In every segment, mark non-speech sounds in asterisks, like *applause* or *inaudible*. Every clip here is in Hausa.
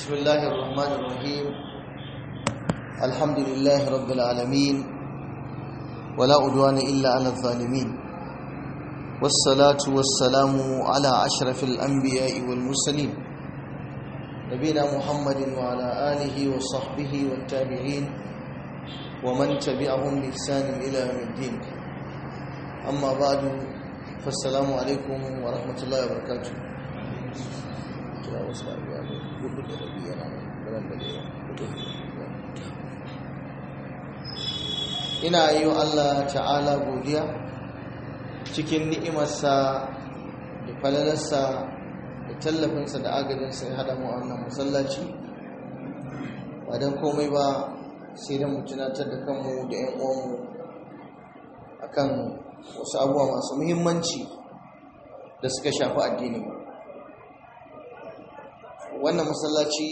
بسم الله الرحمن الرحيم الحمد لله رب العالمين ولا عدوان إلا على الظالمين والصلاة والسلام على أشرف الأنبياء والمرسلين نبينا محمد وعلى آله وصحبه والتابعين ومن تبعهم بإحسان إلى يوم الدين أما بعد فالسلام عليكم ورحمة الله وبركاته ina yi wa Allah ta'ala godiya cikin ni'imarsa da falalarsa da tallafinsa da agajinsa ya haɗa mu a masallaci ba don komai ba sai don mu tunatar da kanmu da 'yan uwanmu kan wasu abubuwa masu muhimmanci da suka shafi addini ba wannan masallaci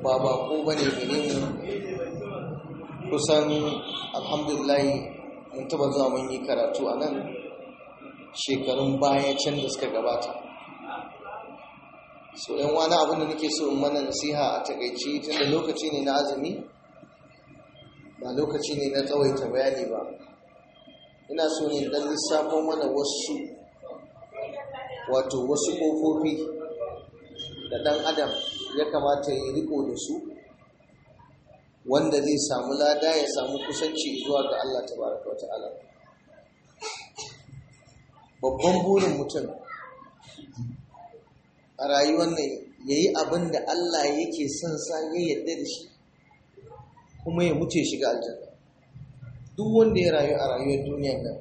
ba bako ba ne gare mu kusan alhamdulillahi mun taba zuwa mun yi karatu a nan shekarun baya can da suka gabata so yan wani abin da nake so in mana nasiha a takaici tunda lokaci ne na azumi ba lokaci ne na tsawaita bayani ba ina so ne dan lissafo mana wasu wato wasu ƙofofi da ɗan adam ya kamata ya riko da su wanda zai samu lada ya samu kusanci zuwa ga Allah baraka wa ta'ala babban burin mutum a rayuwar nan ya yi abin da Allah yake son sa ya yadda da shi kuma ya mutu ya shiga aljanna duk wanda ya rayu a rayuwar duniyar nan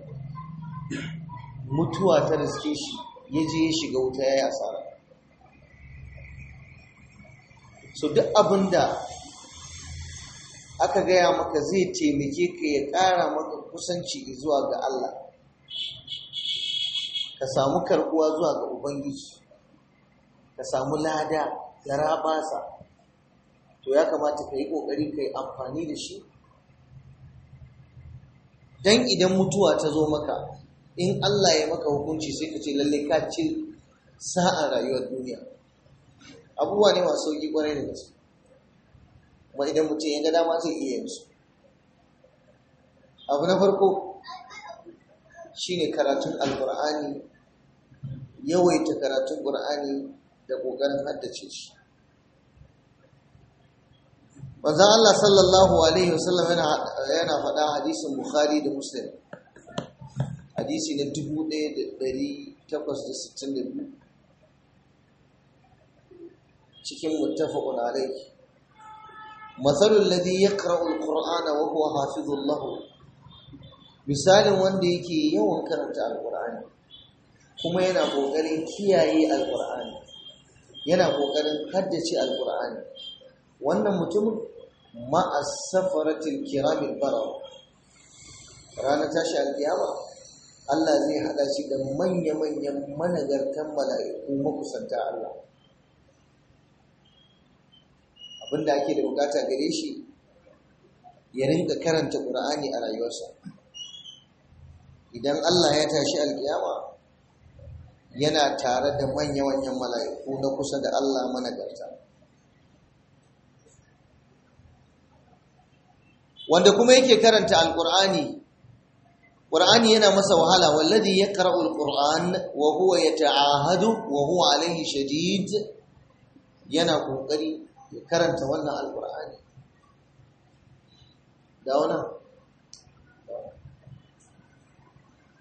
mutuwa ta riske shi ya je ya shiga wuta ya yi asara so duk abin da aka gaya maka zai taimake ka ya ƙara maka kusanci zuwa ga Allah ka samu karbuwa zuwa ga Ubangiji ka samu lada da rabasa, to ya kamata ka yi ƙoƙari ka yi amfani da shi don idan mutuwa ta zo maka in Allah ya maka hukunci sai ka ce lallai ka ce sa'a rayuwar duniya abubuwa ne masu sauki kwarai da gaske kuma idan mutum ya gada dama zai iya yansu abu na farko shine karatun alkur'ani yawaita karatun qur'ani da ƙoƙarin haddace shi manzon Allah sallallahu alaihi wasallam yana yana faɗa hadisin Bukhari da Muslim hadisi na 1862 cikin muttafaqun alayhi mathalul ladhi yaqra'u alqur'ana wa huwa hafizun lahu misalin wanda yake yawan karanta alqur'ani kuma yana kokarin kiyaye alqur'ani yana kokarin haddace alqur'ani wannan mutumin ma'a safaratil kiramil Rana ta tashi alkiyama Allah zai hada shi da manya-manyan managartan mala'iku makusanta Allah abinda ake da bukata gare shi ya rinka karanta ƙur'ani a rayuwarsa idan Allah ya tashi alkiyama yana tare da manya-manyan mala'iku na kusa da Allah managarta wanda kuma yake karanta alƙur'ani ƙur'ani yana masa wahala wallazi ya ƙara'ul ƙur'an wa huwa ya ta'ahadu wa huwa alaihi shadid yana ƙoƙari ya karanta wannan alkur'ani da wani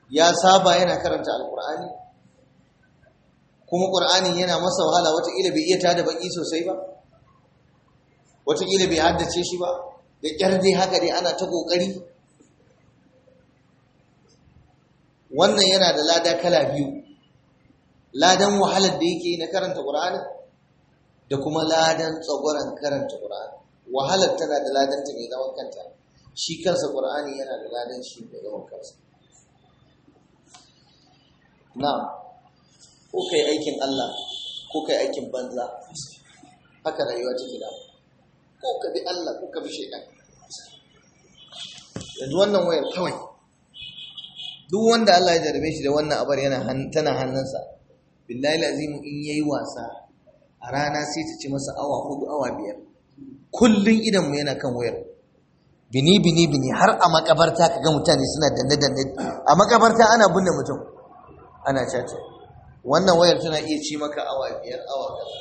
ya saba yana karanta alkur'ani kuma ƙur'anin yana masa wahala wataƙila bai iya tada baƙi sosai ba wataƙila bai haddace shi ba da ƙyar dai haka dai ana ta ƙoƙari wannan yana da lada kala biyu ladan wahalar da yake na karanta ƙur'ani? da kuma ladan tsagoran karanta Qur'ani wahalar tana da ladan ta mai zaman kanta shi kansa ƙura'ani yana da ladan shi mai zaman kansa na ko kai aikin Allah ko kai aikin banza haka rayuwa take da ko ka bi Allah ko ka bi shaytan yanzu wannan wayar kawai duk wanda Allah ya jarabe shi da wannan abar yana tana hannunsa billahi lazim in yayi wasa a rana sai ta ci masa awa hudu awa biyar kullum idanmu yana kan wayar bini bini bini har a makabarta ka ga mutane suna danne danne a makabarta ana binne mutum ana caca wannan wayar tana iya ci maka awa biyar awa kaza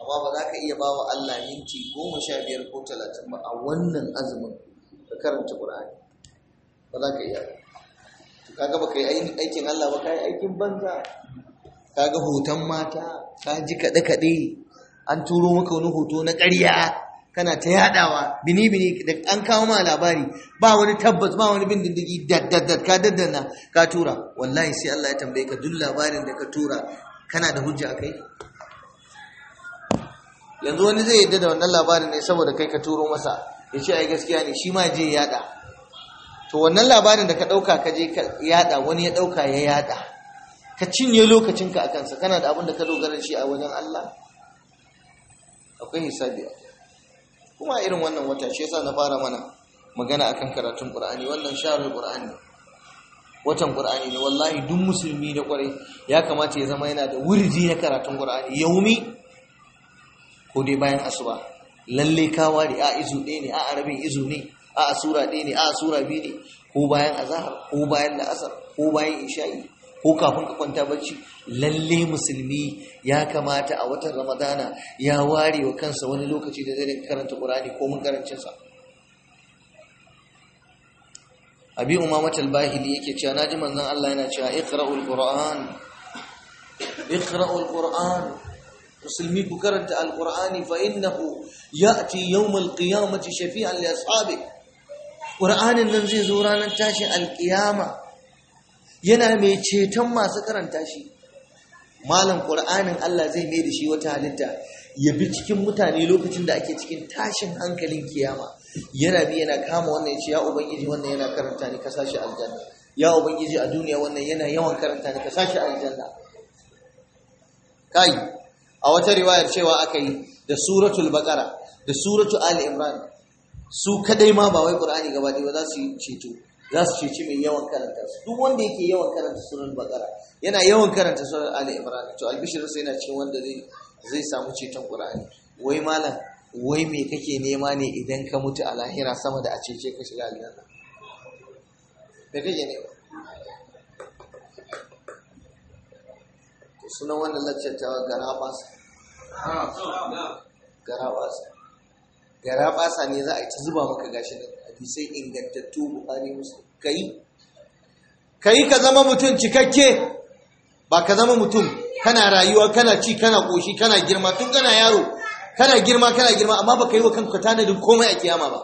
amma ba za ka iya ba wa Allah minti goma sha biyar ko talatin ba a wannan azumin ka karanta Qur'ani ba za ka iya to ga ba ka yi aikin Allah ba ka yi aikin banza kaga hoton mata ka ji kaɗe-kaɗe an turo maka wani hoto na ƙarya kana ta yaɗawa bini-bini da an kawo ma labari ba wani tabbas ba wani bin diddigi daddadad ka daddana ka tura wallahi sai Allah ya tambaye ka duk labarin da ka tura kana da hujja a kai yanzu wani zai yadda da wannan labarin ne saboda kai ka turo masa ya ce ai gaskiya ne shi ma je yaɗa to wannan labarin da ka ɗauka ka je ka yaɗa wani ya ɗauka ya yaɗa ka cinye lokacinka a kansa kana da abin da ka dogara shi a wajen Allah akwai hisabi a kuma irin wannan wata shi yasa na fara mana magana akan karatun Qur'ani wannan sharar Qur'ani watan Qur'ani ne wallahi duk musulmi da kwarai ya kamata ya zama yana da wurji na karatun Qur'ani yaumi ko dai bayan asuba lalle ka wari a izu ɗaya ne a arabin izu ne a sura ɗaya ne a sura biyu ne ko bayan azahar ko bayan la'asar ko bayan isha'i ko kafin ka kwanta barci, lalle musulmi ya kamata a watan ramadana ya ware wa kansa wani lokaci da zai karanta ƙur'ani ko mun karancinsa abi umamat al-bahili yake cewa naji manzon Allah yana cewa iqra'ul qur'an iqra'ul qur'an musulmi ku karanta al-qur'ani fa innahu ya'ti yawm al-qiyamati shafi'an li ashabi qur'anin nan zai zo ranar tashin al yana mai ceton masu karanta shi malam ƙur'anin Allah zai mai da shi wata halitta ya bi cikin mutane lokacin da ake cikin tashin hankalin kiyama yana bi yana kama wannan ya ce ya ubangiji wannan yana karanta ni ka sashi aljanna ya ubangiji a duniya wannan yana yawan karanta ni ka sashi aljanna kai a wata riwayar cewa aka yi da suratul baqara da suratul ali imran su kadai ma ba wai qur'ani gaba ɗaya ba za su yi ceto za su ceci mai yawan karanta su duk wanda yake yawan karanta sunan bakara yana yawan karanta sunan ali Ibrahim to albishir sai yana cikin wanda zai zai samu ceton qur'ani wai malam wai me kake nema ne idan ka mutu a lahira sama da a cece ka shiga aljanna me kake nema sunan wannan laccantawa garabasa garabasa basa ne za a yi ta zuba maka gashi nan hadisai ingantattu bukari muslim kai kai ka zama mutum cikakke ba ka zama mutum kana rayuwa kana ci kana koshi kana girma tun kana yaro kana girma kana girma amma baka yi wa kanka tanadin komai a kiyama ba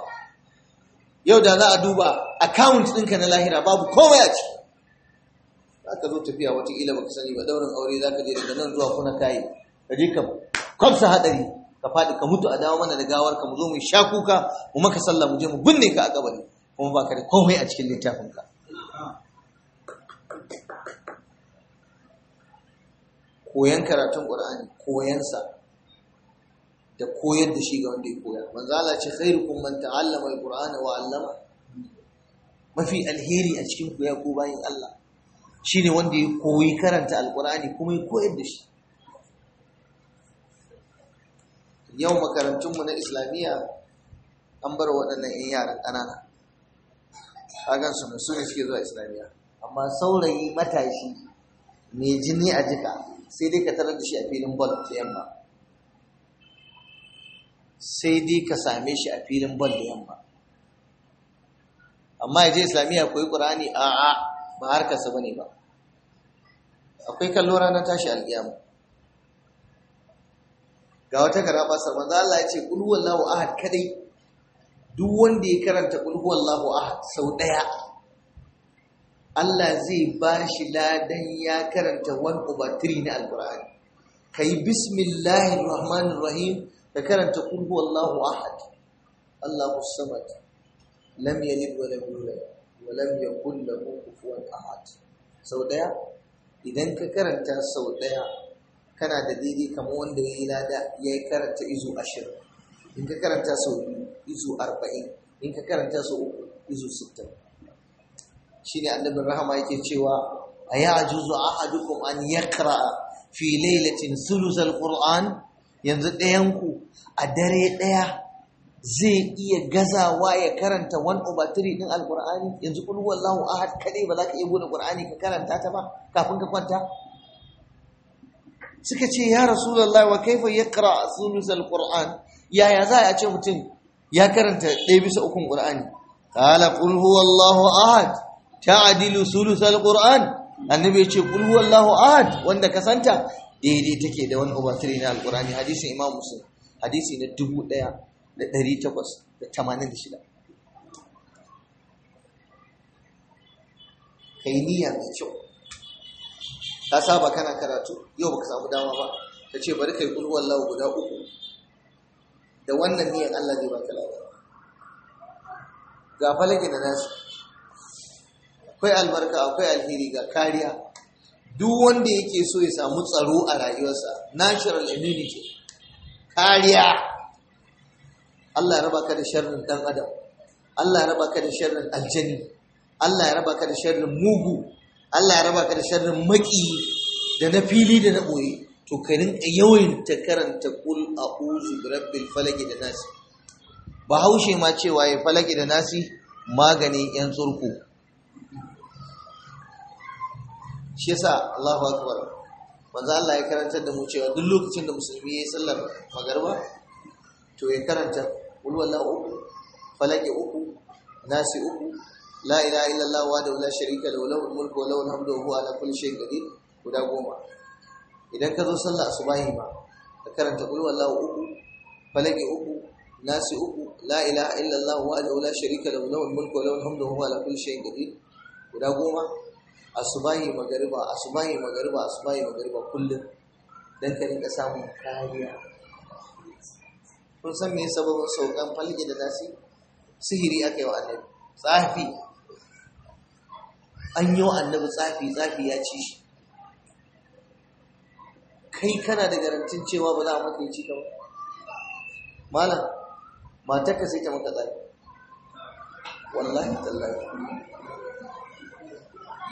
yau da za a duba account ɗinka na lahira babu komai a ciki za ka zo tafiya watakila baka sani ba daurin aure za ka je daga nan zuwa kuna kai, ka je ka kwamsa haɗari ka faɗi ka mutu a dawo mana da gawar ka mu zo mu sha kuka mu maka sallah mu je mu binne ka a kabari kuma ba ka da komai a cikin littafin ka koyan karatun qur'ani sa da koyar da shi ga wanda ya koya manzo Allah ce khairukum man ta'allama al-qur'ana wa 'allama mafi alheri a cikin koya ko bayin Allah shine wanda ya koyi karanta al-qur'ani kuma ya koyar da shi yau makarantunmu na islamiyya an bar waɗannan 'yan yaran ƙanana kagan su su ne suke zuwa islamiyya amma saurayi matashi mai jini a jika sai dai ka tarar da shi a filin bol da yamma sai dai ka same shi a filin bol da yamma amma ya je islamiyya ƙura'ani a a'a ba harkarsa ba ne ba akwai kallo ranar tashi alƙiyama ga wata karama sa manzo Allah ya ce qul huwallahu ahad kadai duk wanda ya karanta qul huwallahu ahad sau daya Allah zai ba shi ladan ya karanta 1 over 3 na alqur'ani kai bismillahir rahmanir rahim ka karanta qul huwallahu ahad Allahu samad lam yalid wa lam yulad wa lam yakul lahu kufuwan ahad sau daya idan ka karanta sau daya kana da daidai kamar wanda ya yi lada ya yi karanta izu ashirin in ka karanta sau izu arba'in in ka karanta sau izu sittin shi ne annabin rahama yake cewa a yi ajuzu a hadukum an yakra fi lailatin sulusal qur'an yanzu ɗayanku a dare ɗaya zai iya gazawa ya karanta one over three ɗin alƙur'ani yanzu kulwallahu ahad kaɗai ba za ka iya buɗe ƙur'ani ka karanta ta ba kafin ka kwanta suka ce ya rasulallah wa kaifa yaqra sulusal qur'an yaya za a ce mutum ya karanta ɗaya bisa ukun qur'ani qala qul huwallahu ahad ta'dilu sulusal qur'an annabi ya ce qul huwallahu ahad wanda ka santa daidai take da wani over three na alqur'ani hadisin imam muslim hadisi na 1886 kai niyya mai kyau ka saba kana karatu yau baka samu dama ba ka ce bari kai kulhu wallahu guda uku da wannan niyyar Allah zai baka lafiya ga falaki da nasu akwai albarka akwai alheri ga kariya duk wanda yake so ya samu tsaro a rayuwarsa natural immunity kariya Allah ya raba ka da sharrin dan adam Allah ya raba ka da sharrin aljani Allah ya raba ka da sharrin mugu Allah ya raba ka da sharrin maki da na fili da na ɓoye to ka a yawan ta karanta kul a uzu rabbil falaki da nasi bahaushe ma cewa ya falaki da nasi maganin yan tsurku shi yasa Allahu akbar manzo Allah ya karantar da mu cewa duk lokacin da musulmi ya sallar magarba to ya karanta kul wallahu uku falaki uku nasi uku la ilaha illallah wahdahu la sharika lahu lahul mulku wa lahul hamdu wa huwa ala guda goma idan ka zo sallah subahi ma ka karanta qul wallahu uku falaki uku nasi uku la ilaha illallah wahdahu la sharika lahu lahul mulku wa lahul hamdu wa huwa ala kulli shay'in qadir guda goma asubahi magariba asubahi magariba asubahi magariba kullum dan ka rinka samun kariya kun san me sababin saukan falki da nasi sihiri aka yi wa annabi tsafi an yi wa annabi tsafi tsafi ya ci shi kai kana da garantin cewa ba za a maka ci ka malam matarka sai ta maka tsafi wallahi tallahi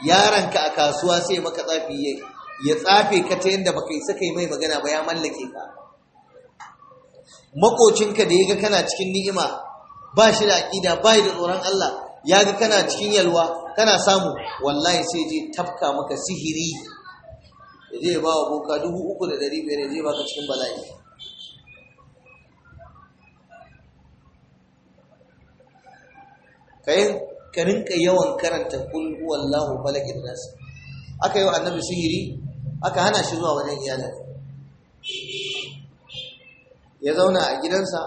yaranka a kasuwa sai maka tsafi ya tsafe ka ta yadda baka isa kai mai magana ba ya mallake ka makocinka da ya ga kana cikin ni'ima ba shi da aƙida ba da tsoron Allah ya ga kana cikin yalwa kana samu wallahi sai je tafka maka sihiri ya je ba wa boka dubu uku da dari biyar ya je baka cikin bala'i ka rinka yawan karanta kul wallahu falakin nas aka yi wa annabi sihiri aka hana shi zuwa wajen iyalin ya zauna a gidansa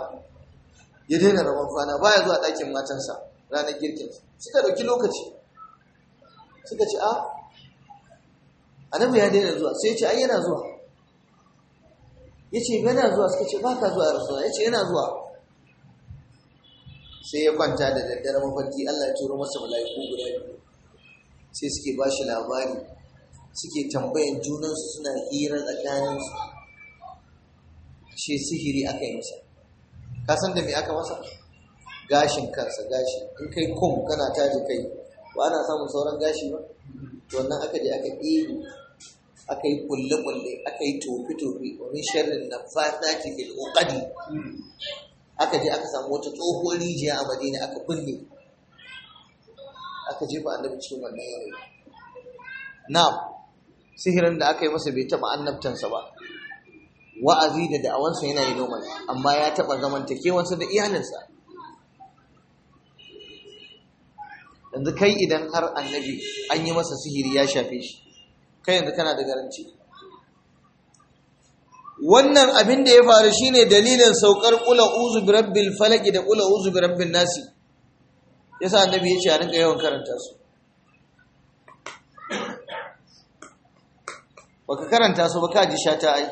ya daina rabon kwana baya zuwa ɗakin matansa ranar girkin suka dauki lokaci suka ce a ah, annabi ya daina zuwa sai ya ce ai yana zuwa ya ce yana zuwa suka ce ba ka zuwa a rasuwa ya ce yana zuwa sai ya kwanta da daddare mafarki allah ya turo masa mala'iku guda biyu sai suke ba shi labari suke tambayan junansu suna hira tsakaninsu shi sihiri aka yi masa ka san da me aka masa gashin kansa gashi in kai kom kana taji kai ba ana samun sauran gashi ba wannan aka je aka ɗebe aka yi kulle-kulle aka yi tofi-tofi wani sharrin na fata ke fi ƙoƙari aka je aka samu wata tsohuwar rijiya a madina aka kulle. aka jefa annabi cikin wannan yanayi na sihirin da aka yi masa bai taɓa annabtansa ba wa'azi da da'awansa yana yi noma amma ya taɓa zamantakewansa da iyalinsa yanzu kai idan har annabi an yi masa sihiri ya shafe shi kai yanzu kana da garanci wannan abin da ya faru shine dalilin saukar kula uzu bi rabbil falaq da kula uzu bi rabbin ya yasa annabi ya ce a rinka yawan karanta su baka karanta su ba ka ji shata ai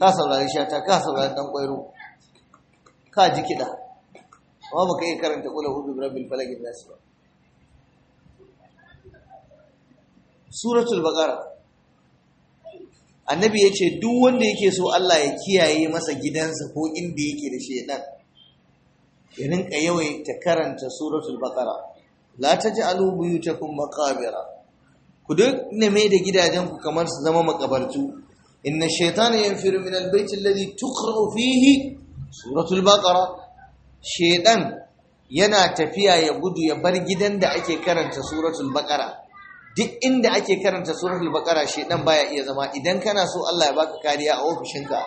ka saurari shata ka saurari dan kwairo ka ji kida amma baka iya karanta kula hudu rabbil falaq nas ba suratul baqara annabi ce duk wanda yake so Allah ya kiyaye masa gidansa ko inda yake da shedan ya rinka yawaita karanta suratul baqara la taj'alu buyutakum maqabira ku duk neme da gidajenku kamar su zama makabartu inna shaytana yanfiru min albayt alladhi tuqra fihi suratul baqara shedan yana tafiya ya gudu ya bar gidan da ake karanta suratul baqara duk inda ake karanta suratul baqara shedan baya iya zama idan kana so Allah ya baka kariya a ofishinka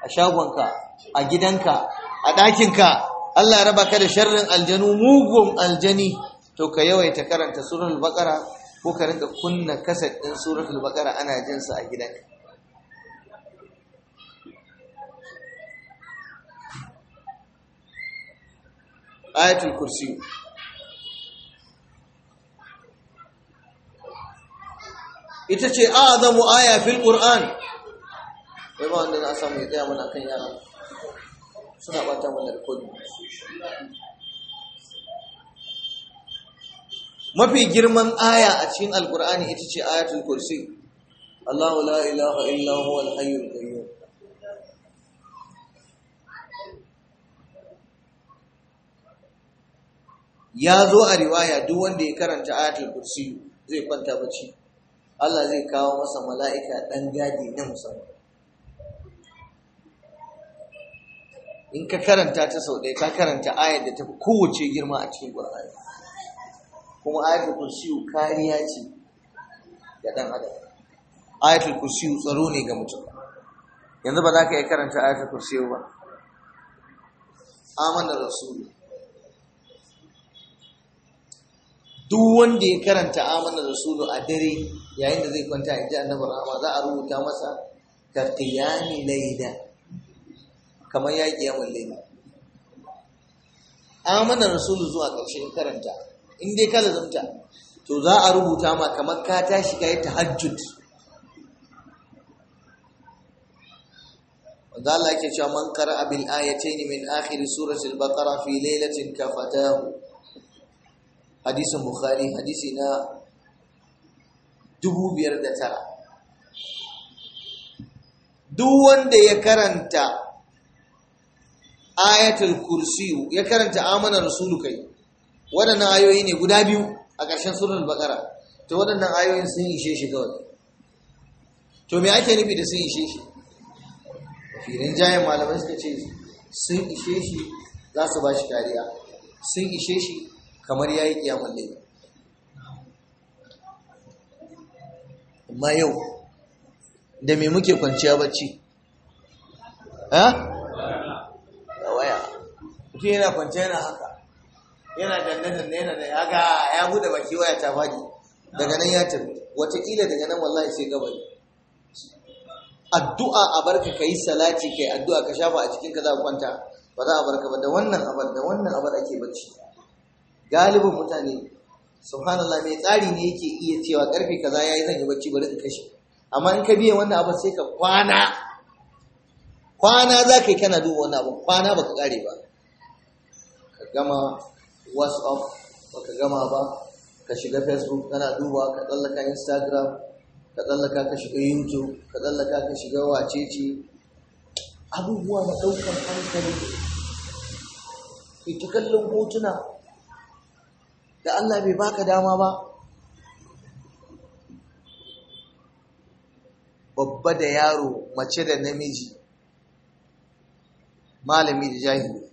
a shagonka a gidanka a ɗakinka Allah ya raba ka da sharrin aljanu mugun aljani to ka yawaita karanta suratul bakara, ko ka rinka kunna kaset suratul baqara ana jinsa a gidanka ayatul kursi ita ce azamu aya fil qur'an wai ba wanda za a samu ya tsaya mana kan yara suna bata mana da rikodin mafi girman aya a cikin alqur'ani ita ce ayatul kursi Allahu la ilaha illa huwal hayyul qayyum ya zo a riwaya duk wanda ya karanta ayatul kursi zai kwanta bacci Allah zai kawo masa mala'ika ɗan gadi na musamman in ka karanta ta sau ɗaya ka karanta ayar da ta fi kowace girma a cikin ƙwararri kuma ayatul kursiyu kariya ce ga ɗan adam ayatul kursiyu tsaro ne ga mutum yanzu ba za ka iya karanta ayatul kursiyu ba amana rasulu duk wanda ya karanta amana rasulu a dare yayin da zai kwanta a ji annabar rama za a rubuta masa ka qiyami laida kamar ya qiyamul laila amana rasulu zuwa ƙarshen karanta in dai kala zamta to za a rubuta ma kamar ka tashi ka yi kai tahajjud wanda Allah yake cewa man qara'a bil ayatayn min akhir suratul baqara fi lailatin kafatahu hadisin bukhari hadisi na dubu biyar da tara duk wanda ya karanta ayatul kursiyu ya karanta amana rasulu kai waɗannan ayoyi ne guda biyu a ƙarshen surun bakara to waɗannan ayoyin sun ishe shi kawai to me ake nufi da sun ishe shi filin jayen malamai suka ce sun ishe shi za su ba shi kariya sun ishe shi kamar ya yi kiyamun laifin amma yau da mai muke kwanciya bacci ha? da waya mutum yana kwanciya yana haka yana da yana da haka ya buɗe baki waya ta fadi daga nan ya tafi wataƙila daga nan wallahi sai gabani addu'a a barka ka yi salati ka yi addu'a ka shafa a cikin ka za kwanta ba za a barka ba da wannan abar da wannan abar ake bacci galibin mutane subhanallah mai tsari ne yake iya cewa karfe kaza yayi zan yi bacci bari in kashe amma in ka biye wannan abu sai ka kwana kwana za ka yi kana duba wani abu kwana baka kare ba ka gama whatsapp baka gama ba ka shiga facebook kana duba ka tsallaka instagram ka tsallaka ka shiga youtube ka tsallaka ka shiga wacece abubuwa na ɗaukar hankali ita kallon hotuna da Allah bai baka dama ba babba da yaro mace da namiji malami da jahili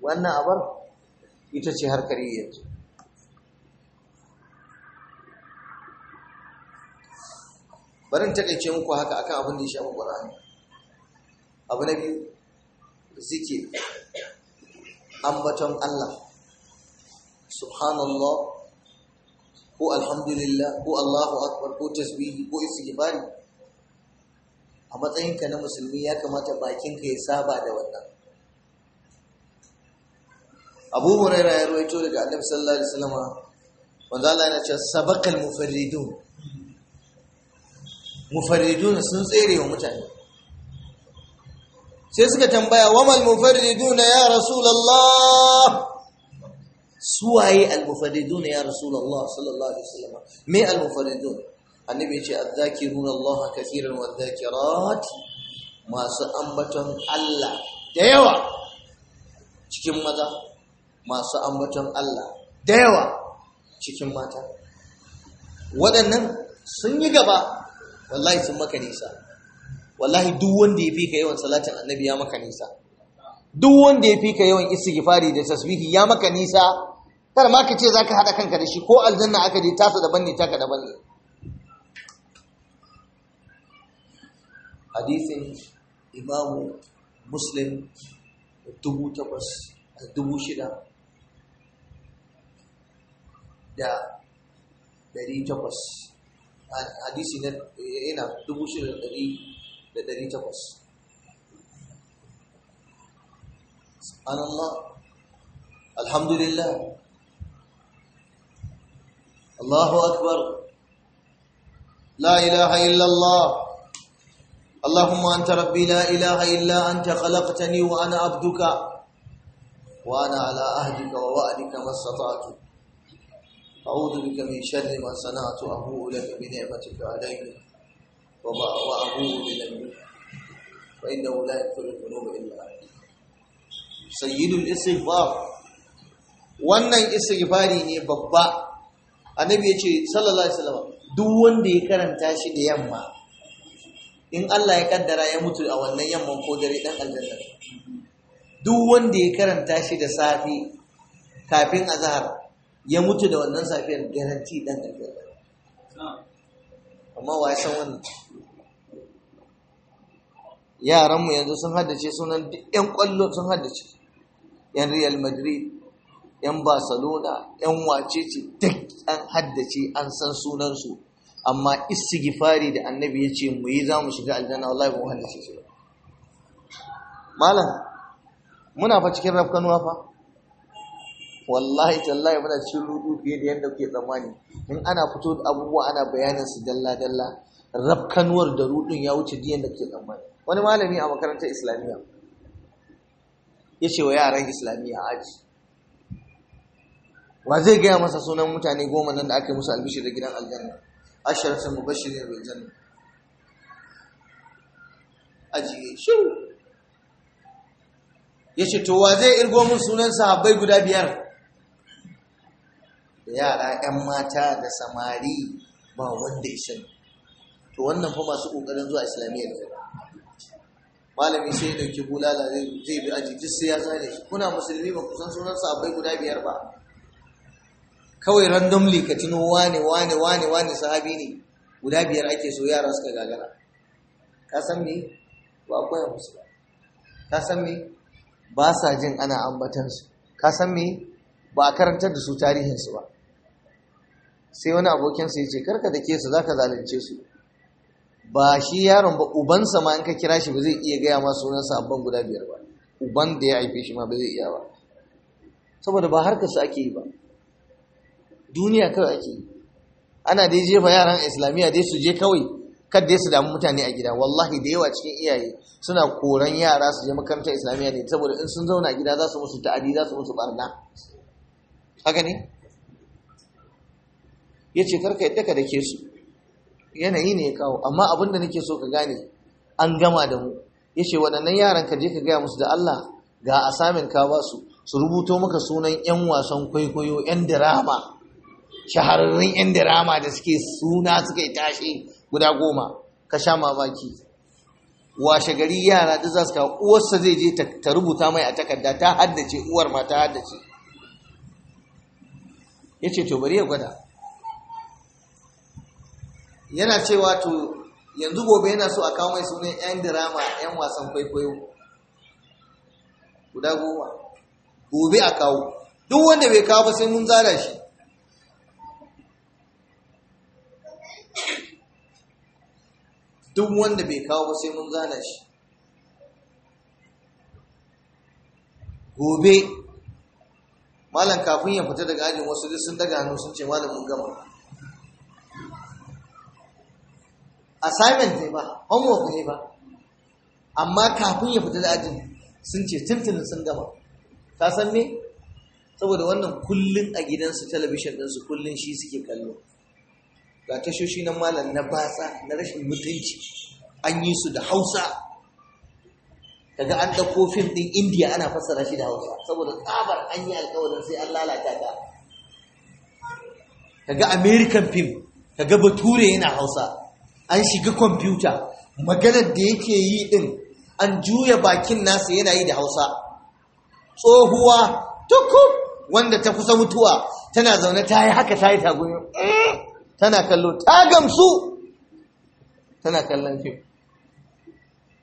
wannan abar ita ce harkar yanzu barin takaice muku haka akan abin da ya shafi Qur'ani abu na biyu zikir ambaton Allah subhanallah ko alhamdulillah ko Allahu akbar ko tasbihi ko istighfari a matsayinka na musulmi ya kamata bakinka ya saba da wannan Abu Hurairah ya rawaito daga Annabi sallallahu alaihi wasallam wanda Allah yana ce sabaqal mufarridun mufarridun sun tsere wa mutane sai suka tambaya wamal mufarridun ya rasulullah suwaye al mufaddidun ya rasulullah sallallahu alaihi wasallam me al mufaddidun annabi ce azzakirun Allah kaseeran wa dhakirat masu ambaton Allah da yawa cikin maza masu ambaton Allah da yawa cikin mata waɗannan sun yi gaba wallahi sun maka nisa wallahi duk wanda ya fi ka yawan salatin annabi ya maka nisa duk wanda ya fi ka yawan istighfari da tasbihi ya maka nisa kar ma ka ce za ka haɗa kanka da shi ko aljanna aka je tasa daban ne taka daban ne hadisin imamu muslim dubu takwas dubu shida da ɗari takwas hadisi na yana eh, dubu shida da ɗari da ɗari takwas subhanallah alhamdulillah الله أكبر لا إله إلا الله اللهم أنت ربي لا إله إلا أنت خلقتني وأنا عبدك وأنا على عهدك ووعدك ما استطعت أعوذ بك من شر ما صنعت أبوء لك بنعمتك علي وأبوء بذنبي فإنه لا يغفر الذنوب إلا أنت سيد الاستغفار wannan istighfari ne babba annabi ya ce sallallahu alaihi wasallam duk wanda ya karanta shi da yamma in Allah ya kaddara ya mutu a wannan yamman ko dare dan aljanna duk wanda ya karanta shi da safi kafin azhar ya mutu da wannan safiyar garanti dan aljanna amma wai san wannan yaranmu yanzu sun haddace sunan duk 'yan kwallo sun haddace 'yan real madrid 'yan barcelona 'yan wacece duk an haddace an san sunansu amma gifari da annabi ya ce mu yi za mu shiga aljanna wallahi ba mu haddace shi ba malam muna fa cikin rafkanuwa fa wallahi tallahi muna cikin rudu fiye da yadda kuke tsammani in ana fito da abubuwa ana bayanin su dalla dalla rafkanuwar da rudun ya wuce diyan da ke tsammani wani malami a makarantar islamiyya ya ce wa yaran islamiyya aji wa zai gaya masa sunan mutane goma nan da aka yi musu albishir da gidan aljanna ashirin sun ne bai janna ajiye shi ya ce to wa zai irgo mun sunan sahabbai guda biyar da yara 'yan mata da samari ba wanda ya shan to wannan fa masu ƙoƙarin zuwa islamiyyar ne malami sai ya ɗauki bulala zai bi aji duk sai ya zane shi kuna musulmi ba kusan sunan sahabbai guda biyar ba kawai randomly ka tuno wane wane wane wane sahabi ne guda biyar ake so yara suka gagara ka san me ba koya musu ba ka san me ba sa jin ana ambatansu ka san me ba a karantar da su tarihinsu ba sai wani abokinsa ya ce karka da ke su za ka zalunce su ba shi yaron ba sa ma in ka kira shi ba zai iya gaya ma sunan sabon guda biyar ba uban da ya haife shi ma ba zai iya ba saboda ba harkar su ake yi ba duniya kawai ake ana dai jefa yaran islamiyya dai su je kawai kad dai su damu mutane a gida wallahi da yawa cikin iyaye suna koran yara su je makarantar islamiyya ne saboda in sun zauna gida za su musu ta'adi za su musu barna haka ne ya ce karka yadda ka ke su yanayi ne ya kawo amma abin da nake so ka gane an gama da mu ya ce waɗannan yaran ka je ka gaya musu da Allah ga a ka ba su su rubuto maka sunan 'yan wasan kwaikwayo 'yan dirama shahararrun 'yan dirama da suke suna suka yi tashi guda goma ka sha mamaki washe gari yara da za su kawo uwarsa zai je ta rubuta mai a takarda ta haddace uwar ma ta haddace ya ce to bari ya gwada yana cewa to yanzu gobe yana so a kawo mai sunan 'yan dirama 'yan wasan kwaikwayo guda goma gobe a kawo duk wanda bai kawo ba sai mun zara shi duk wanda bai kawo ba sai mun zana shi gobe malam kafin ya fita daga ajin wasu duk sun daga hannu sun ce malam mun gama assignment ne ba homework ne ba amma kafin ya fita da ajin sun ce tuntunin sun gama ta san ne? saboda wannan kullun a gidansu talabishin ɗinsu kullun shi suke kallo ga tashoshi na malam na basa na rashin mutunci an yi su da hausa daga an ɗauko fim ɗin indiya ana fassara shi da hausa saboda tsabar an yi alkawarin sai an lalata ta kaga american fim kaga bature yana hausa an shiga kwamfuta maganar da yake yi ɗin an juya bakin nasa yana yi da hausa tsohuwa tukub wanda ta kusa mutuwa tana zaune ta yi haka ta yi tagumi tana kallo ta gamsu tana kallon fim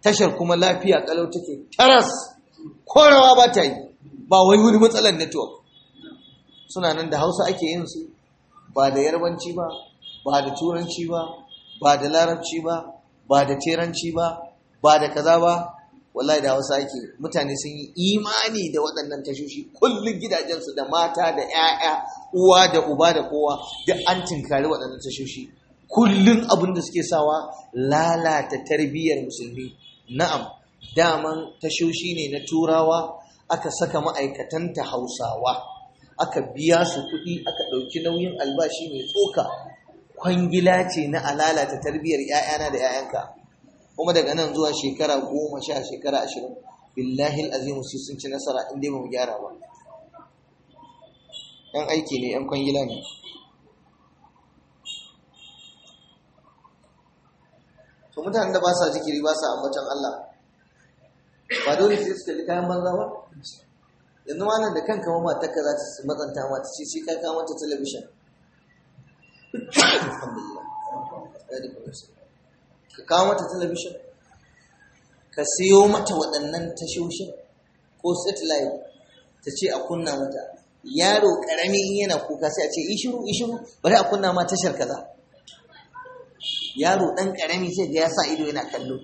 tashar kuma lafiya kalau take taras korawa ba ta yi ba wai wani matsalar network suna nan da hausa ake yin su ba da yarbanci ba ba da turanci ba ba da larabci ba ba da teranci ba ba da kaza ba wallahi da Hausa ake. mutane sun yi imani da waɗannan tashoshi kullum gidajensu da mata da 'ya'ya uwa da uba da kowa da an tinkari waɗannan tashoshi kullum abin da suke sawa lalata tarbiyyar musulmi na'am daman tashoshi ne na turawa aka saka ma'aikatanta hausawa aka biya su kuɗi aka ɗauki nauyin albashi mai tsoka kwangila ce na lalata tarbiyyar 'ya'yana da 'ya'yanka kuma daga nan zuwa shekara goma sha shekara ashirin billahi al'azimu su sun ci nasara inda yi mu gyara ba yan aiki ne yan kwangila ne su mutanen da ba sa zikiri ba sa ambacin Allah ba dole su suka yi kayan banza ba yanzu ma nan da kama ma matarka za su matsanta ma ta ce sai ka kama ta talabishin *coughs* alhamdulillah ka kawo mata talabishin ka siyo mata waɗannan tashoshin ko satellite ta ce a kunna mata yaro ƙarami in yana kuka sai a ce ishiru ishiru bari a kunna ma tashar kaza yaro ɗan ƙarami sai ga ya sa ido yana kallo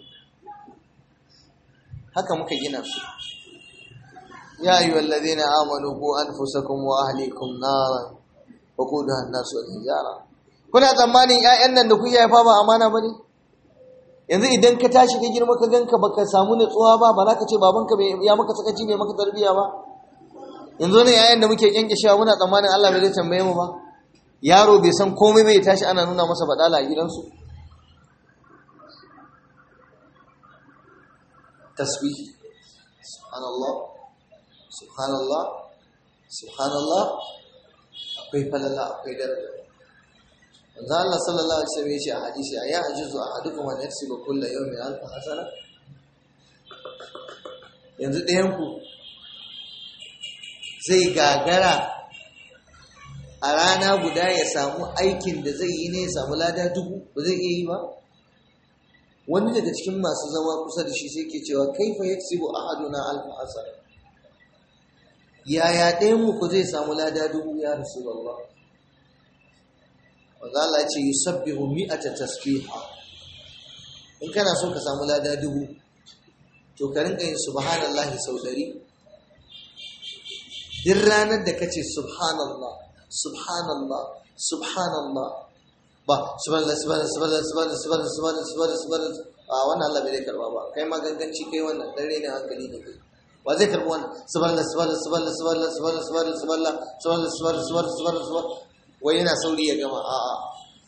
haka muka gina su ya ayyuhal ladina amanu qu anfusakum wa ahlikum naran wa qudha an-nasu a hijara kuna tsammanin 'ya'yan nan da ku iya haifa ba amana ba ne? yanzu idan ka tashi ka girma ka ganka baka samu natsuwa ba ba za ka ce babanka ya maka sakaci mai maka tarbiya ba yanzu ne yayin da muke kyankishewa muna tsammanin Allah bai zai tambaye mu ba yaro bai san komai bai tashi ana nuna masa badala a gidansu tasbihi subhanallah subhanallah subhanallah akwai falala akwai daraja manzo Allah sallallahu alaihi wasallam yace a hadisi a ya ajizu ahadukum an yaksiba kullu yawmin alf hasana yanzu ɗayan ku zai gagara a rana guda ya samu aikin da zai yi ne ya samu lada dubu ba zai iya yi ba wani daga cikin masu zama kusa da shi sai ke cewa kaifa yaksibu ahaduna alf hasana yaya ɗayan ku zai samu lada dubu ya rasu wallah wanda Allah ce yusabbihu ta tasbiha in kana so ka samu lada dubu to ka rinka yin subhanallahi sau dari Din ranar da ka ce subhanallah subhanallah subhanallah ba subhanallah subhanallah subhanallah subhanallah subhanallah subhanallah subhanallah a wannan Allah bai zai karba ba kai ma kai wannan dan ne hankali ne kai wa zai karbi wannan subhanallah subhanallah subhanallah subhanallah subhanallah subhanallah subhanallah subhanallah subhanallah wai yana sauri ya gama a'a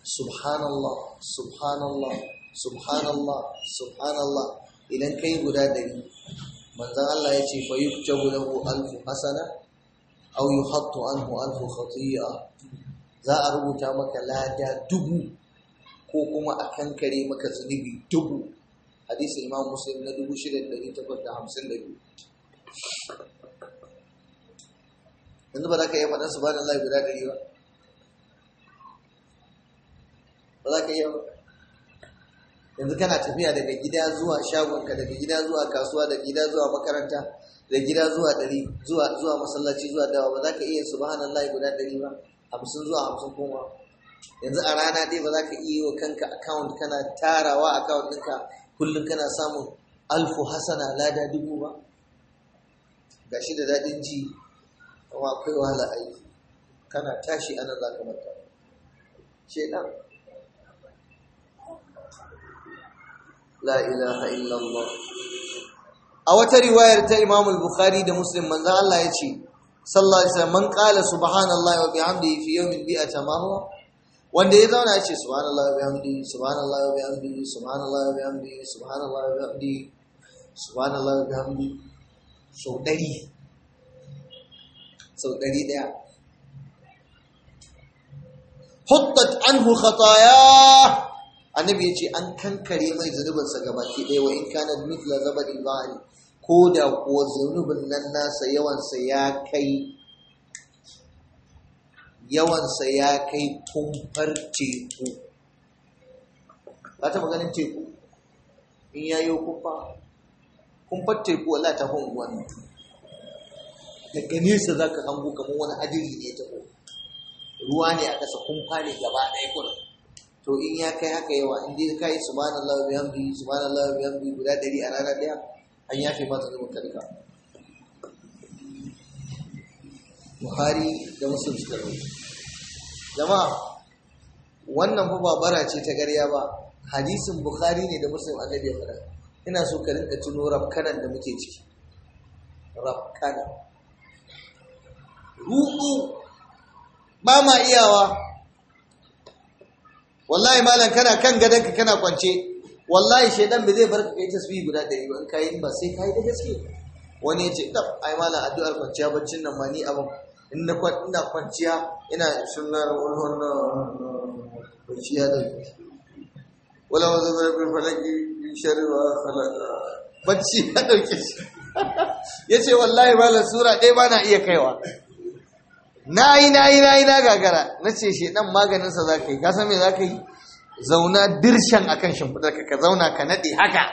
subhanallah subhanallah subhanallah subhanallah idan kai guda dari manzon Allah ya ce fa yuktabu lahu za a rubuta maka lada dubu ko kuma a kankare maka zunubi dubu hadisi yanzu ba za ka yi faɗansu ba guda ɗari ba za ka iya yanzu kana tafiya daga gida zuwa shagonka daga gida zuwa kasuwa daga gida zuwa makaranta daga gida zuwa ɗari zuwa zuwa masallaci zuwa dawa ba za ka iya su layi guda ɗari ba hamsin zuwa hamsin koma yanzu a rana ɗaya ba za ka iya yi wa kanka account kana tarawa account ɗinka kullum kana samun alfu hasana lada dubu ba ga shi da daɗin ji kuma akwai wahala aiki kana tashi ana za ka manta shedan la ilaha illallah a wata riwayar ta Imam al-Bukhari da Muslim manzon Allah ya ce sallallahu alaihi wasallam man qala subhanallahi wa bihamdihi fi yawmin bi'ata ma huwa wanda ya zauna ya ce subhanallahi wa bihamdihi subhanallahi wa bihamdihi subhanallahi wa bihamdihi subhanallahi wa bihamdihi subhanallahi wa bihamdihi sau dari sau dari daya huttat anhu khataaya annabi ya ce an kankare mai zunubinsa gabaki ɗaya wa in kana mithla zabadin ibani ko da kuwa zunubin nan nasa yawansa ya kai yawansa ya kai kumfar teku ta maganin teku in ya yi kumfa kumfar teku wala ta hun wani daga nesa za ka hango kamar wani adiri ne ta ruwa ne a ƙasa kumfa ne gaba ɗaya kurin to in ya kai haka yawa in dai kai subhanallah wa bihamdi subhanallah wa biyu guda dari a rana daya an yafe ta zanubin karka buhari da muslim suka rawaito jama'a wannan fa ba bara ce ta garya ba hadisin Buhari ne da muslim annabi ya faɗa ina so ka rinka tuno rafkanan da muke ciki rafkanan ruɗu ba ma iyawa wallahi malam kana kan gadonka kana kwance wallahi shedan bai zai bar ka kai tasbihi guda ɗari ba in ka yi ba sai ka yi da gaske wani ya ce tab ai malam addu'ar kwanciya baccin nan ma ni abin in na ina kwanciya ina sunnar wannan kwanciya da wala wazan rabbil falaki in sharri ma khalaq bacci ya dauke shi *laughs* yace wallahi malam sura ɗaya ba na iya kaiwa na yi na yi na yi na gagara na ce shi dan maganinsa za ka yi ka san me za ka yi zauna dirshan akan shimfidar ka zauna ka nade haka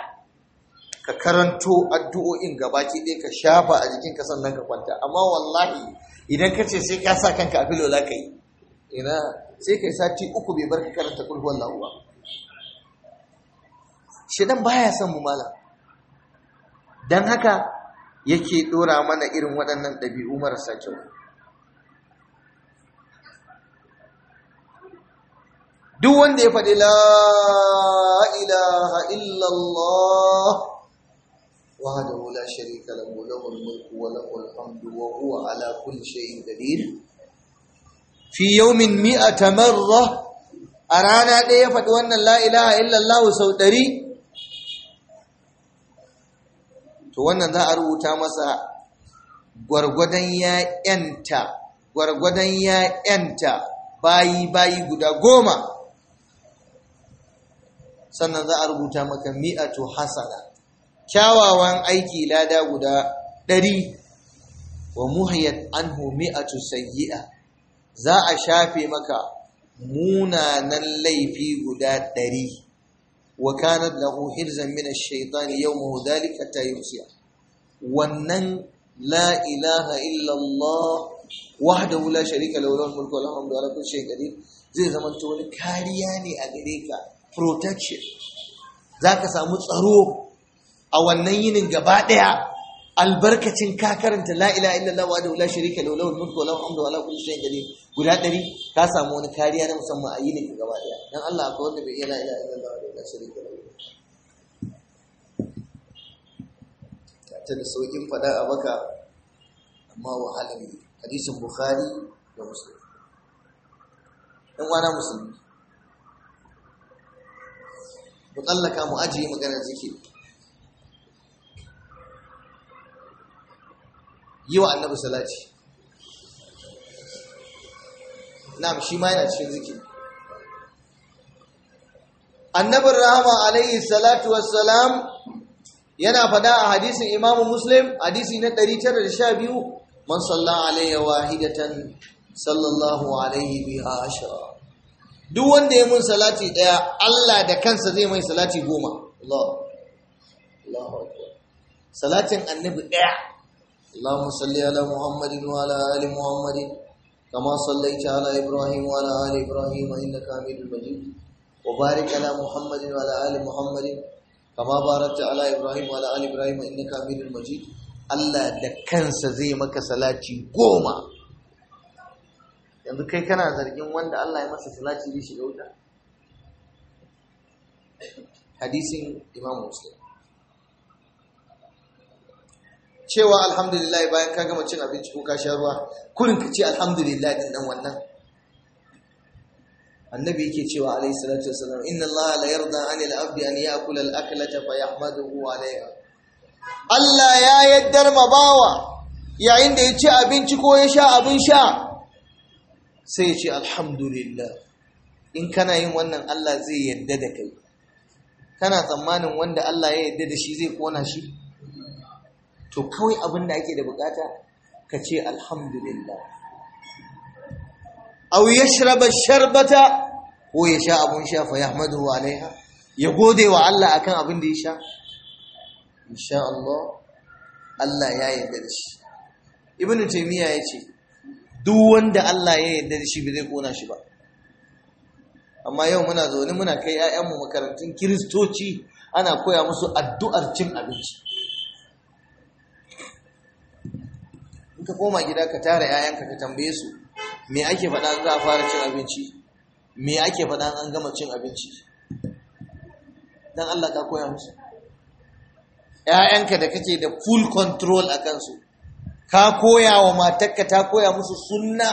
ka karanto addu'o'in gabaki ɗaya ka shafa a jikin ka sannan ka kwanta amma wallahi idan ka ce sai ka sa kanka a filo za ka yi ina sai ka yi sati uku bai bar ka karanta lauwa shi dan baya son mu malam don haka yake ɗora mana irin waɗannan ɗabi'u marasa kyau duk wanda ya faɗi la ilaha illallah wahdahu la sharika lahu lahul mulku wa lahul hamdu wa huwa ala kulli shay'in dalil fi mi'a ta marra a rana ɗaya ya faɗi wannan la ilaha illallah sau ɗari to wannan za a rubuta masa gwargwadon ya'yanta, gwargwadon yayanta bayi bayi guda goma. sannan za a rubuta maka mi'atu hasana kyawawan aiki lada guda ɗari wa muhayyat anhu mi'atu sayyi'a za a shafe maka munanan laifi guda ɗari wa kanat lahu hirzan min ash-shaytan yawma dhalika tayusiya wannan la ilaha illa Allah wahdahu sharika lahu lahul hamdu ala kulli shay'in zai zama wani kariya ne a gare ka protection za ka samu tsaro a wannan yinin gaba ɗaya albarkacin ka karanta la ilaha da wula shirika da wula lahul mulku wa lahul hamdu wa la shay'in guda ɗari ka samu wani kariya na musamman a yinin gaba ɗaya dan Allah akwai wanda bai iya ta da saukin a baka amma wahalar hadisin bukhari da wana musulmi mu tsallaka mu ajiye maganar zikiri yi wa annabi salati na'am shi ma yana cikin zikiri annabin rahama alaihi salatu wassalam yana fada a hadisin imamu muslim hadisi na 912 man salla alaihi wahidatan sallallahu alaihi biha ashara duk wanda ya mun salati ɗaya Allah da kansa zai mai salati goma salatin annabi ɗaya Allahumma salli ala Muhammadin wa ala ali Muhammadin kama sallaita ala Ibrahim wa ala ali Ibrahim innaka Hamidul Majid wa barik ala Muhammadin wa ala ali Muhammadin kama barakta ala Ibrahim wa ala ali Ibrahim innaka Hamidul Majid Allah da kansa zai maka salati goma yanzu kai kana zargin wanda Allah ya masa salati zai shiga wuta hadisin imam muslim cewa alhamdulillah bayan ka gama cin abinci ko ka sha ruwa kurin ka ce alhamdulillah din nan wannan annabi yake cewa alayhi salatu wassalam inna allaha la yarda anil abdi an ya'kula al-aklata fa yahmaduhu alayha Allah ya yaddar mabawa yayin da ya ci abinci ko ya sha abin sha sai ya ce alhamdulillah in kana yin wannan Allah zai yadda da kai kana tsammanin wanda Allah ya yadda da shi zai kona shi to kawai abin da ake da bukata ka ce alhamdulillah aw yashraba sharbata ko ya sha abun sha fa yahmaduhu alaiha ya gode wa Allah akan abin da ya sha insha Allah Allah ya yarda da shi ibnu taymiya yace duk wanda Allah ya yarda da shi ba zai kona shi ba amma yau muna zaune muna kai 'ya'yanmu makarantun kiristoci ana koya musu addu'ar cin abinci in ka koma gida ka tara 'ya'yanka ka tambaye su me ake faɗa an za a fara cin abinci me ake faɗa an gama cin abinci dan Allah ka koya musu ‘ya'yanka da kake da full control a kansu ka koya wa matarka ta koya musu sunna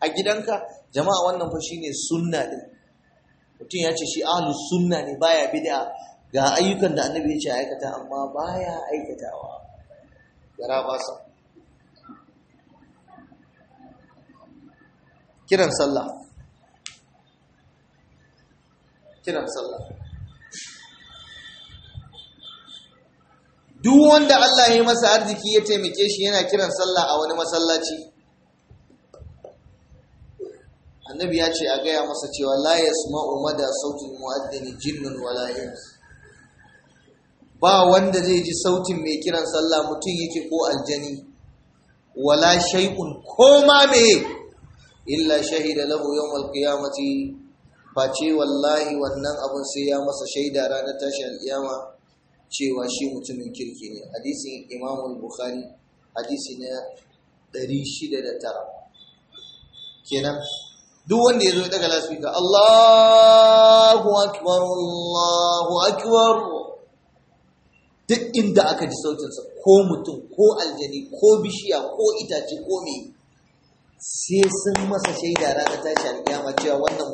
a gidanka jama'a wannan fa shine sunna din mutum ya ce shi ahlus sunna ne baya bid'a ga ayyukan da annabi ya ce aikata amma baya aikatawa gara ba sa kiran sallah kiran sallah duk wanda Allah ya yi masa arziki ya taimake shi yana kiran sallah a wani masallaci annabi ya ce a gaya masa cewa la yasma'u mada sautin mu'addini jinnun wala yanzu?" ba wanda zai ji sautin mai kiran sallah mutum yake ko aljani wala shay'un koma me illa shahida lahu yawmal qiyamati face wallahi wannan abun sai ya masa shaida ranar tashin alkiyama cewa shi mutumin kirki ne hadisin imamul bukhari hadisi na 609 kenan duk wanda ya zo daga lasfika Allahu akbar Allahu akbar duk inda aka ji sautinsa ko mutum ko aljani ko bishiya ko itace ko mai sai sun masa shaida na tashi alƙiyama cewa wannan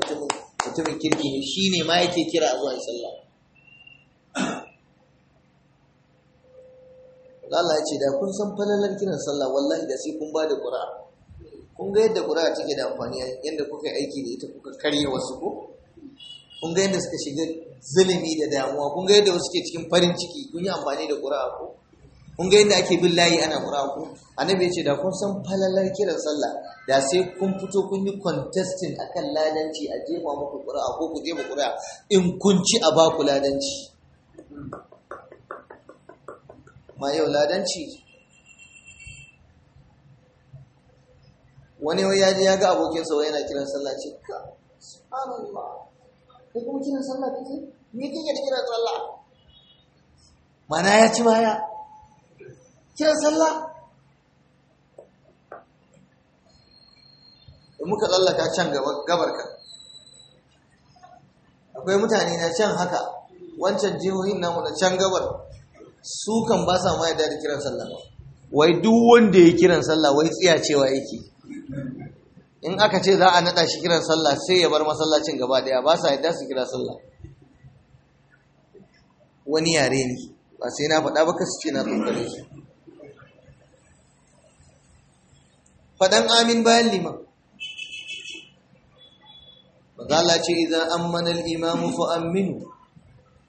mutumin kirki ne Shi ne ma yake kira a zuwa Allah ya ce da kun san falalar kiran sallah wallahi da sai kun bada qur'a kun ga yadda qur'a take da amfani yadda kuka aiki da ita kuka karye wasu ko kun ga yadda suka shiga zulumi da damuwa kun ga yadda wasu ke cikin farin ciki kun yi amfani da qur'a ko kun ga yadda ake bin layi ana qur'a ko annabi ya ce da kun san falalar kiran sallah da sai kun fito kun yi contesting akan ladanci a jefa muku qur'a ko ku jefa qur'a in kun ci a baku ladanci ma yau ladanci wani ya je ya ga abokinsa wa yana kiran sallah ce ka kuma kiran sallah kiran sallah mana ya ci baya kiran sallah da muka tsallaka can gabarka akwai mutane na can haka wancan jihohin namu na can gabar su kan ba sa ma da kiran sallah ba wai duk wanda ya kiran sallah wai tsiya cewa yake in aka ce za a nada shi kiran sallah sai ya bar masallacin gaba daya ba sa yadda su kira sallah wani yare ne ba sai na faɗa ba kasu ce na tsokare shi faɗan amin bayan liman Mazala ce idan an manar imamu fa'amminu aminu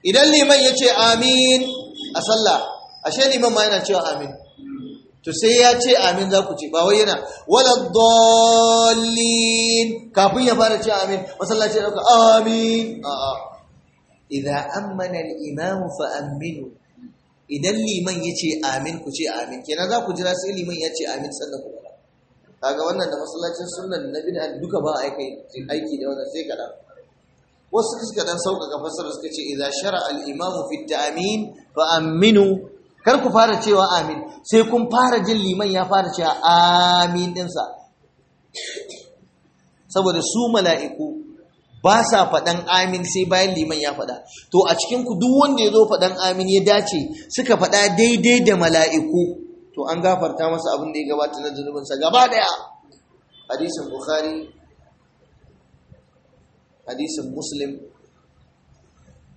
idan liman ya ce amin a sallah ashe liman ma yana cewa amin to sai ya ce amin za ku ce ba wai yana wala dallin kafin ya fara ce amin masallaci ya dauka amin a'a idza amana al-imam fa aminu idan liman yace amin ku ce amin kenan za ku jira sai liman ya ce amin sannan ku fara kaga wannan da masallacin sunnan na bid'a duka ba aiki aiki da wannan sai kada wasu suka dan sauƙaƙa fassara suka ce idza shara al-imamu fi ta'min fa aminu kar ku fara cewa amin sai kun fara jin liman ya fara cewa amin sa saboda su mala'iku ba sa faɗan amin sai bayan liman ya faɗa to a cikin ku duk wanda ya zo faɗan amin ya dace suka faɗa daidai da mala'iku to an gafarta masa abin da ya gabata na zunubinsa gaba ɗaya hadisin bukhari hadisin muslim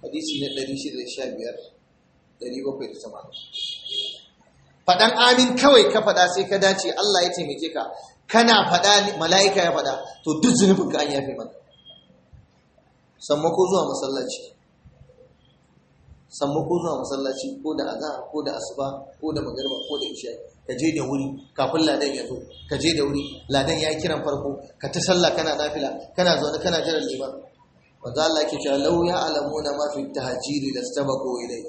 hadisi na da da 780 faɗan amin kawai ka faɗa sai ka dace Allah ya taimake ka kana faɗa mala'ika ya faɗa to duk zunubin ka an yafe mana. sammako zuwa masallaci sammako zuwa masallaci ko da azahar ko da asuba ko da magarba ko da ishaki ka je da wuri kafin ladan ya zo ka je da wuri ladan ya kiran farko ka ta sallah kana nafila kana zaune kana jiran liman wanda Allah yake cewa law ya alamuna ma fi tahajiri la sabaqu ilai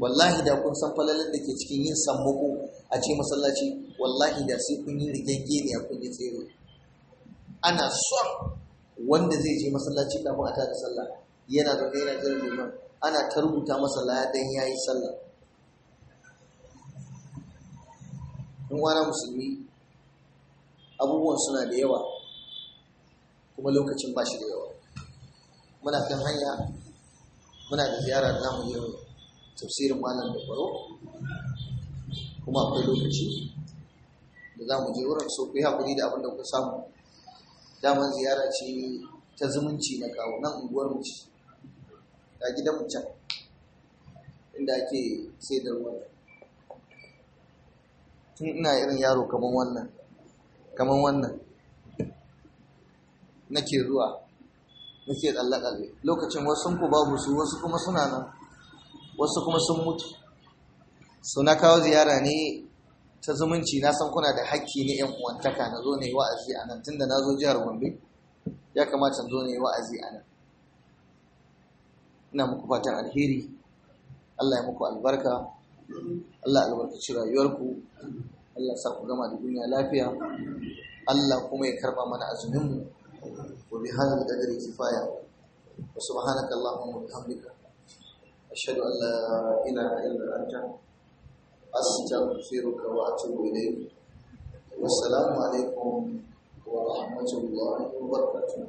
wallahi da kun san falalin da ke cikin yin sammako a ce masallaci wallahi da sai kun yi rigenge ne a kun yi tsero ana son wanda zai je masallaci kafin a tada sallah yana zaune yana jiran liman ana ta rubuta masa ladan yayi sallah in wana musulmi abubuwan suna da yawa kuma lokacin ba shi da yawa muna kan hanya muna da ziyara da zamu yin tafsirin malam da kwaro kuma akwai lokaci da za mu je wurin so ku yi haƙuri da abin da ku samu daman ziyara ce ta zumunci na kawo nan unguwar mu ce ga gidan mu can inda ake sai da ruwan tun ina irin yaro kaman wannan kaman wannan nake zuwa nake tsalle lokacin wasu ku babu su wasu kuma suna nan wasu kuma sun mutu su na kawo ziyara ne ta zumunci na san kuna da hakki ne yan uwantaka na zo ne wa'azi a nan tunda na zo jihar gombe ya kamata zo ne wa'azi a nan ina muku fatan alheri Allah ya muku albarka Allah albarkaci rayuwarku Allah sa ku gama da duniya lafiya Allah kuma ya karba mana azuminmu wa bi hadal qadri kifaya wa subhanaka allahumma wa bihamdika ashhadu an la ilaha illa anta astaghfiruka wa atubu ilayk wassalamu alaikum wa rahmatullahi wa barakatuh